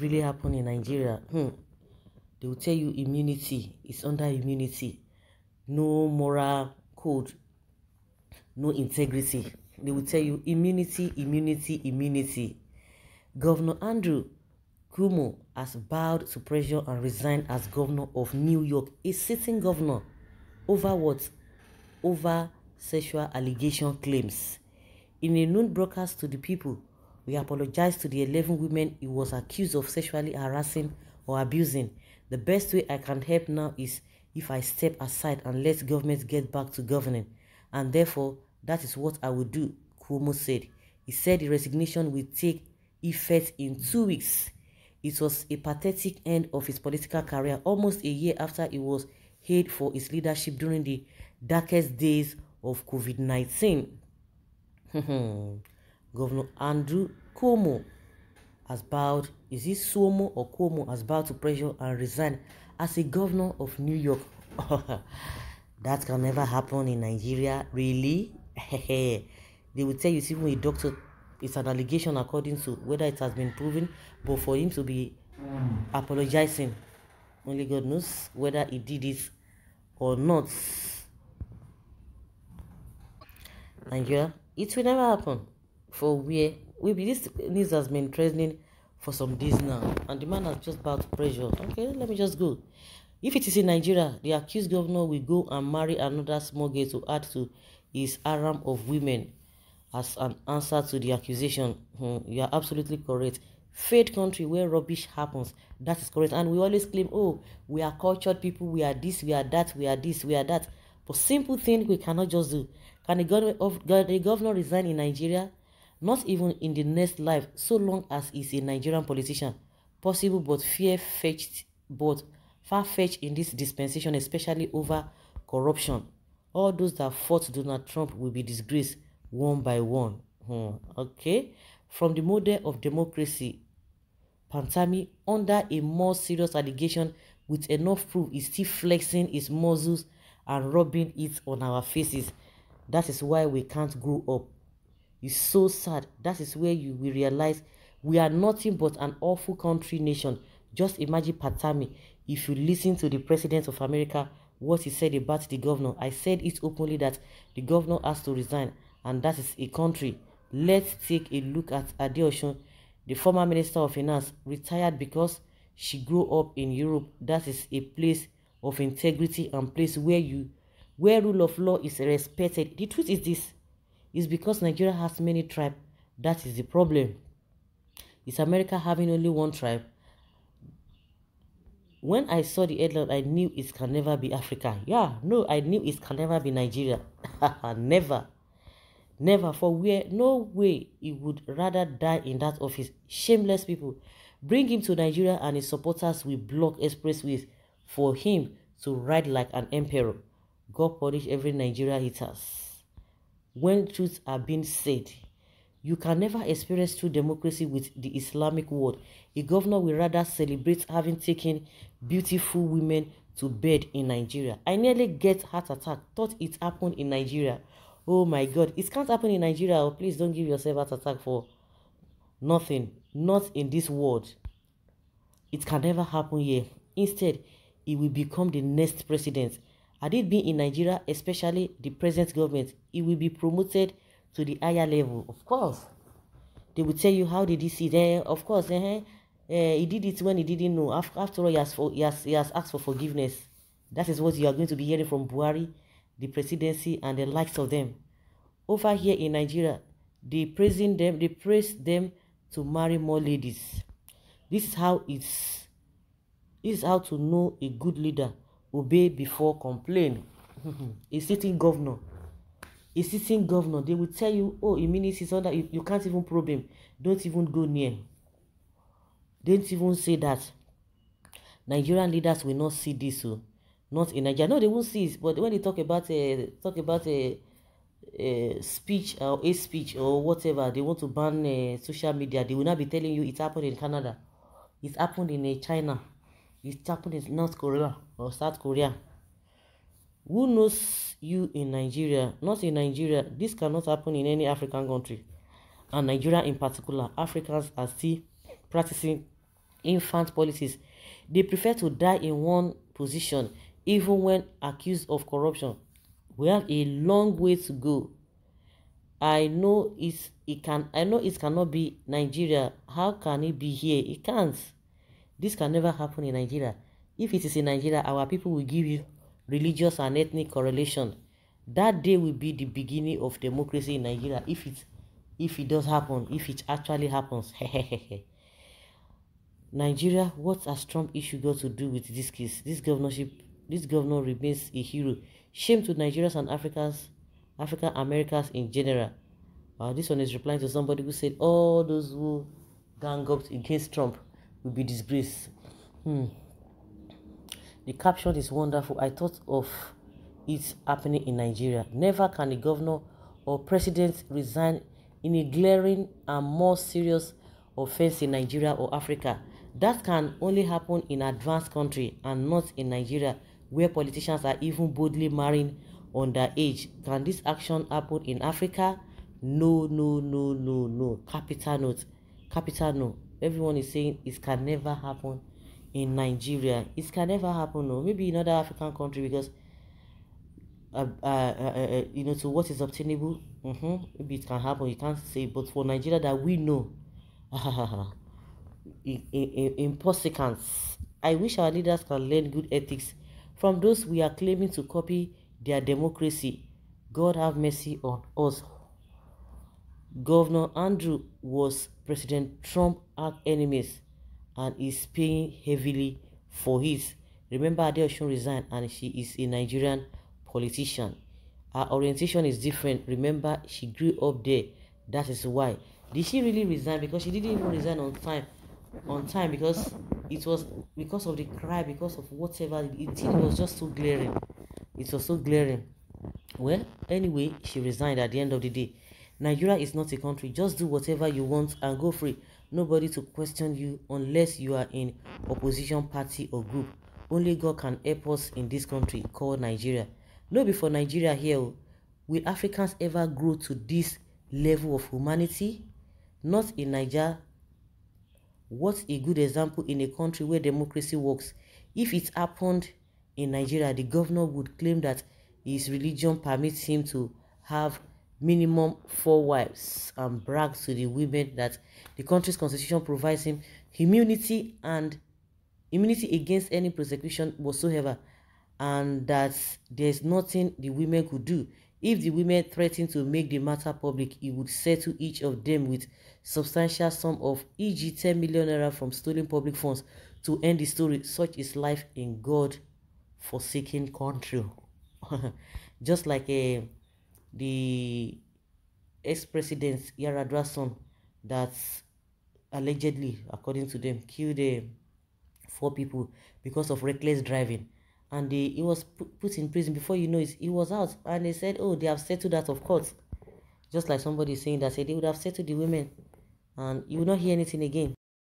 really happen in Nigeria, hmm, they will tell you immunity is under immunity, no moral code, no integrity. They will tell you immunity, immunity, immunity. Governor Andrew Cuomo has bowed to pressure and resigned as governor of New York, a sitting governor, over what? Over sexual allegation claims. In a noon broadcast to the people, We apologize to the 11 women he was accused of sexually harassing or abusing. The best way I can help now is if I step aside and let government get back to governing. And therefore, that is what I will do, Cuomo said. He said the resignation will take effect in two weeks. It was a pathetic end of his political career almost a year after he was hailed for his leadership during the darkest days of COVID 19. Hmm, hmm. Governor Andrew Cuomo has bowed, is it Suomo or Cuomo, has bowed to pressure and resigned as a governor of New York. that can never happen in Nigeria, really? they will tell you it's even a doctor, it's an allegation according to whether it has been proven, but for him to be apologizing, only God knows whether he did it or not. Nigeria, it will never happen for where we be this news has been trending for some days now and the man has just bought pressure okay let me just go if it is in nigeria the accused governor will go and marry another small girl to add to his harem of women as an answer to the accusation hmm, you are absolutely correct Third country where rubbish happens that is correct and we always claim oh we are cultured people we are this we are that we are this we are that but simple thing we cannot just do can the governor of the governor resign in nigeria not even in the next life, so long as he's a Nigerian politician. Possible but fear-fetched, but far-fetched in this dispensation, especially over corruption. All those that fought Donald Trump will be disgraced one by one. Hmm. Okay? From the model of democracy, Pantami, under a more serious allegation with enough proof, is still flexing his muscles and rubbing it on our faces. That is why we can't grow up is so sad. That is where you will realize we are nothing but an awful country nation. Just imagine Patami. If you listen to the president of America, what he said about the governor, I said it openly that the governor has to resign, and that is a country. Let's take a look at Adeosun, the former minister of finance, retired because she grew up in Europe. That is a place of integrity and place where you, where rule of law is respected. The truth is this it's because Nigeria has many tribes. That is the problem. Is America having only one tribe? When I saw the headline, I knew it can never be Africa. Yeah, no, I knew it can never be Nigeria. never. Never. For where, no way he would rather die in that office. Shameless people. Bring him to Nigeria and his supporters will block expressways for him to ride like an emperor. God punish every Nigeria haters when truths are being said. You can never experience true democracy with the Islamic world. A governor will rather celebrate having taken beautiful women to bed in Nigeria. I nearly get heart attack. Thought it happened in Nigeria. Oh my God. It can't happen in Nigeria. Oh, please don't give yourself heart attack for nothing. Not in this world. It can never happen here. Instead, he will become the next president. Had it been in Nigeria, especially the present government, it will be promoted to the higher level. Of course, they will tell you how did he is. Eh, of course, eh, eh, eh, he did it when he didn't know. After, after all, he has, for, he, has, he has asked for forgiveness. That is what you are going to be hearing from Buhari, the presidency, and the likes of them. Over here in Nigeria, they praising them, they praise them to marry more ladies. This is how it's. This is how to know a good leader. obey before complain a sitting governor a sitting governor they will tell you oh immunity is under you, you can't even probe him don't even go near don't even say that nigerian leaders will not see this o oh. not in nigeria no they won't see it but when they talk about a eh, talk about a eh, eh, uh, speech or a speech or whatever they want to ban uh, social media they will not be telling you it happened in canada it happened in uh, china it happened in north korea or South Korea. Who knows you in Nigeria? Not in Nigeria. This cannot happen in any African country. And Nigeria in particular, Africans are still practicing infant policies. They prefer to die in one position even when accused of corruption. We have a long way to go. I know it's, it can I know it cannot be Nigeria. How can it be here? It can't. This can never happen in Nigeria. If it is in Nigeria, our people will give you religious and ethnic correlation. That day will be the beginning of democracy in Nigeria if it if it does happen, if it actually happens. Nigeria, what has Trump issue got to do with this case? This governorship, this governor remains a hero. Shame to Nigerians and Africans, African Americans in general. Uh, this one is replying to somebody who said all those who gang up against Trump will be disgraced. Hmm. The caption is wonderful. I thought of it happening in Nigeria. Never can a governor or president resign in a glaring and more serious offense in Nigeria or Africa. That can only happen in advanced country and not in Nigeria, where politicians are even boldly marrying underage. Can this action happen in Africa? No, no, no, no, no. Capital note. Capital no. Everyone is saying it can never happen in Nigeria. It can never happen, or maybe in other African country because, uh uh, uh, uh, uh, you know, to what is obtainable, mm-hmm, maybe it can happen. You can't say, but for Nigeria that we know, impossibility. I wish our leaders can learn good ethics from those we are claiming to copy their democracy. God have mercy on us. Governor Andrew was President Trump arch enemies and is paying heavily for it. Remember, Adeoshun resigned and she is a Nigerian politician. Her orientation is different. Remember, she grew up there. That is why. Did she really resign? Because she didn't even resign on time. On time because it was because of the cry, because of whatever it, it was just so glaring. It was so glaring. Well, anyway, she resigned at the end of the day. Nigeria is not a country. Just do whatever you want and go free. Nobody to question you unless you are in opposition party or group. Only God can help us in this country called Nigeria. No before Nigeria here. Oh. Will Africans ever grow to this level of humanity? Not in Nigeria. What a good example in a country where democracy works. If it happened in Nigeria, the governor would claim that his religion permits him to have minimum four wives and brags to the women that the country's constitution provides him immunity and immunity against any prosecution whatsoever and that there's nothing the women could do if the women threatened to make the matter public he would settle each of them with substantial sum of e.g. 10 million naira from stolen public funds to end the story such is life in god forsaken country just like a eh, the ex-president Yaradwason that allegedly, according to them, killed uh, four people because of reckless driving. And they, he was put in prison. Before you know it, he was out. And they said, oh, they have settled that, of course. Just like somebody saying that, said they would have settled the women. And you will not hear anything again.